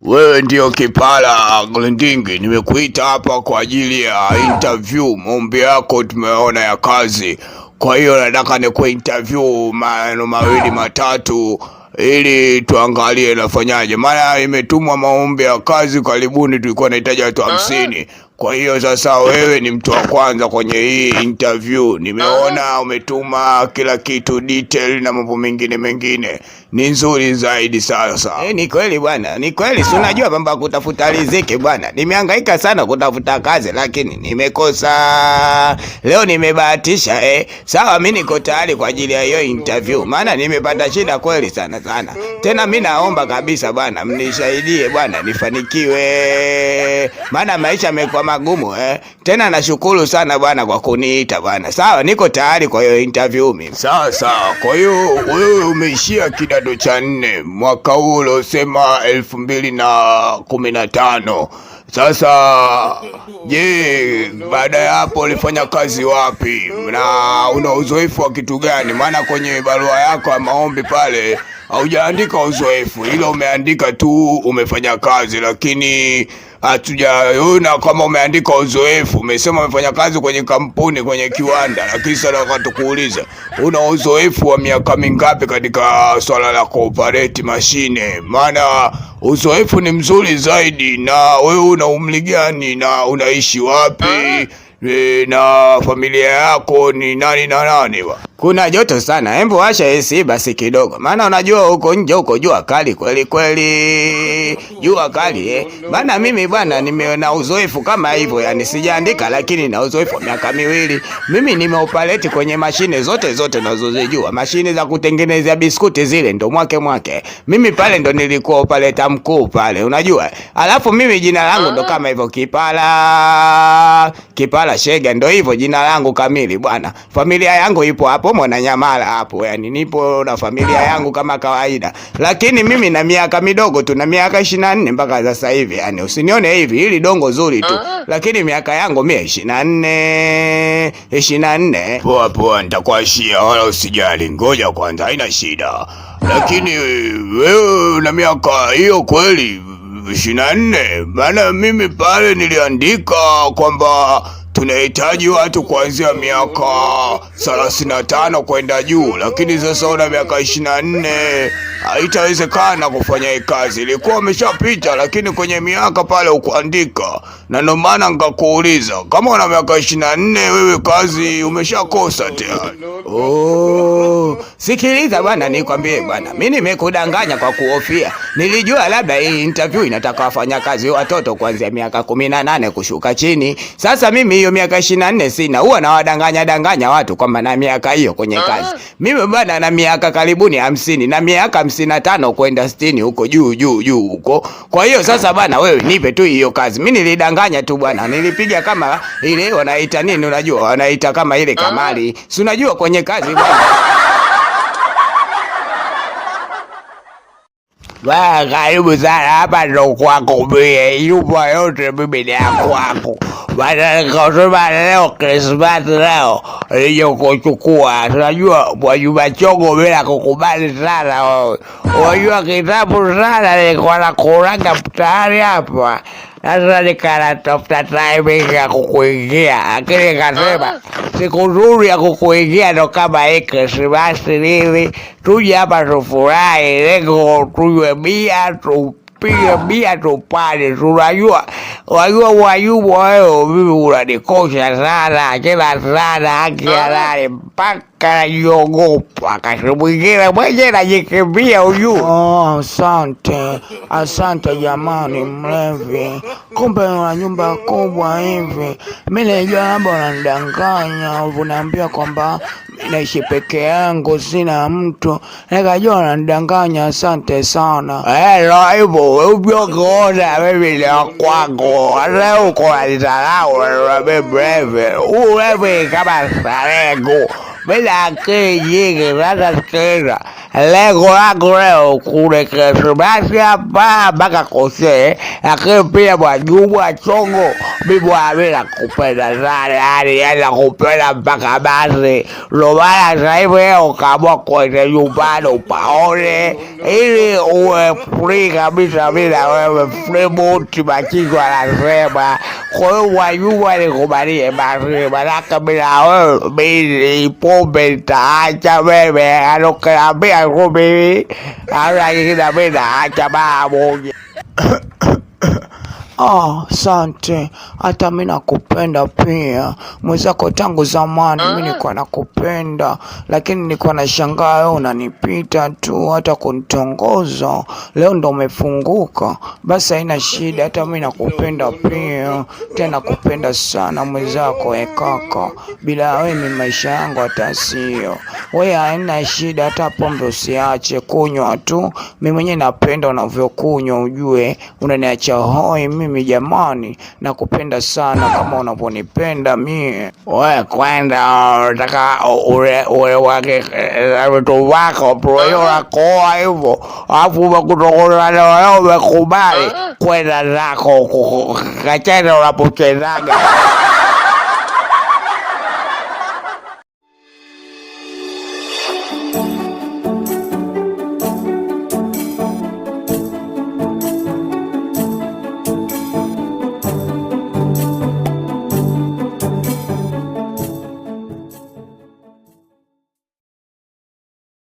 Wewe ndio kipala Glendingi, nimekuita hapa kwa ajili ya interview. Maombi yako tumeona ya kazi, kwa hiyo nataka nikuinterview maneno mawili matatu ili tuangalie nafanyaje, maana imetumwa maombi ya kazi. Karibuni tulikuwa nahitaji watu hamsini. Kwa hiyo sasa wewe ni mtu wa kwanza kwenye hii interview. Nimeona umetuma kila kitu detail na mambo mengine mengine. Ni nzuri zaidi sasa. Eh, ni kweli bwana. Ni kweli si unajua mambo kutafuta riziki bwana. Nimehangaika sana kutafuta kazi lakini nimekosa. Leo nimebahatisha eh. Sawa, mimi niko tayari kwa ajili ya hiyo interview. Maana nimepata shida kweli sana sana. Tena mimi naomba kabisa bwana mnisaidie bwana nifanikiwe. Maana maisha yamekuwa magumu eh? Tena nashukuru sana bwana kwa kuniita bwana. Sawa, niko tayari kwa hiyo interview mimi. Sawa sawa. Kwa hiyo wewe umeishia kidato cha nne mwaka huu uliosema elfu mbili na kumi na tano. Sasa je, baada ya hapo ulifanya kazi wapi na una uzoefu wa kitu gani? Maana kwenye barua yako ya maombi pale haujaandika uzoefu, ila umeandika tu umefanya kazi, lakini hatujaona kama umeandika uzoefu. Umesema umefanya kazi kwenye kampuni, kwenye kiwanda, lakini sana wakatukuuliza una uzoefu wa miaka mingapi katika swala la kuoperate mashine. Maana uzoefu ni mzuri zaidi. Na wewe una umri gani na unaishi wapi? na familia yako ni nani na nani wa. Kuna joto sana, hebu washa AC basi kidogo, maana unajua huko nje huko jua kali kweli kweli, jua kali eh. Bana mimi bwana, nimeona uzoefu kama hivyo, yani sijaandika, lakini na uzoefu wa miaka miwili mimi nimeopaleti kwenye mashine zote zote nazozijua, mashine za kutengeneza biskuti zile, ndo mwake mwake. Mimi pale ndo nilikuwa opaleta mkuu pale, unajua. Alafu mimi jina langu ndo kama hivyo, Kipala Kipala Nyamala Shega, ndo hivyo jina langu kamili bwana. Familia yangu ipo hapo Mwana Nyamala hapo, yani nipo na familia yangu kama kawaida, lakini mimi na miaka midogo tu, na miaka 24 mpaka sasa hivi, yani usinione hivi, hili dongo zuri tu, ah. lakini miaka yangu mimi 24 24. Poa poa, nitakuashia wala usijali, ngoja kwanza, haina shida. Lakini wewe na miaka hiyo kweli ishirini na nne maana mimi pale niliandika kwamba tunahitaji watu kuanzia miaka 35 kwenda juu, lakini sasa una miaka 24, haitawezekana kufanya hii kazi. Ilikuwa umeshapita, lakini kwenye miaka pale ukuandika, na ndio maana nikakuuliza kama una miaka 24, wewe kazi umeshakosa tayari. Oh. Sikiliza bwana, nikwambie bwana, mimi nimekudanganya kwa kuhofia. Nilijua labda hii interview inataka wafanya kazi watoto kuanzia miaka 18 kushuka chini. Sasa mimi hiyo miaka 24 sina. Huwa nawadanganya danganya watu kwamba na miaka hiyo kwenye ah. kazi. Mimi bwana na miaka karibuni 50 na miaka 55 kwenda 60 huko juu juu juu huko. Kwa hiyo sasa bwana, wewe nipe tu hiyo kazi. Mimi nilidanganya tu bwana. Nilipiga kama ile wanaita nini, unajua wanaita kama ile ah. kamari. Si unajua kwenye kazi bwana. Baa karibu sana hapa, ndo kwako mie, nyumba yote mimi ni ya kwako. Bana nikasema leo Krismas leo nije kuchukua. Unajua Mwajuma Chongo mimi kukubali sana wewe, unajua kitabu sana nilikuwa nakuranga mtaani hapa sasa nikanatafuta timing ya kukuingia, lakini nikasema ah. siku nzuri ya kukuingia ndo kama hiki. Si basi nini, tuje hapa tufurahi, lengo tunywe bia tu piga bia tupande, unajua wajua Mwajuma wewe, mimi unanikosha sana kila sana, aki mpaka najiogopa, kasi mwingine mwenye najikimbia. Ujue oh, asante asante jamani, mlevi kumbe una nyumba kubwa hivi. Mi nilijua labda unanidanganya, unaambia kwamba naishi peke yangu, sina mtu. Nikajua nanidanganya. Asante sana. Helo hivyo ubyokuona mimi ni wakwangu, hata uko nalitarau na mimi uu ulevi kama sarengu Minäkin Jiki Mätäskiina. Lengo langu leo kurekeshimasha paa mpaka kosee, lakini pia Mwajuma Chongo mimi nakupenda sana, yani yani nakupenda mpaka basi. Ndio maana sasa hivi leo kaamua kuenda nyumbani upaone, ili uwe free kabisa, mimi na wewe free. Muti Makiko anasema คนวัยยุ่งวัยของมันนี่มาคือมารักกันไม่เอาไม่รีบพ่อเป็นตาจะแม่แม่อารมณ์กระไม่เอาคนไม่อะไรที่ทำไม่หนาจะมาโมง Ah, sante, Hata mi nakupenda pia mwenzako, tangu zamani mi ah. nilikuwa nakupenda, lakini nilikuwa nashangaa wewe unanipita tu, hata kunitongoza. Leo ndo umefunguka, basi haina shida. Hata mi nakupenda pia, tena kupenda sana mwenzako. E eh, kaka, bila wewe mi maisha yangu hata sio wewe, haina shida. Hata pombe usiache kunywa tu, mi mwenyewe napenda unavyokunywa, ujue unaniacha hoi mimi mimi jamani, nakupenda sana kama unavyonipenda mie. We kwenda taka ule wake vitu vako proyorakoa hivo alafu umekutokoa umekubali ah. kwenda zako kacheza unapochezaga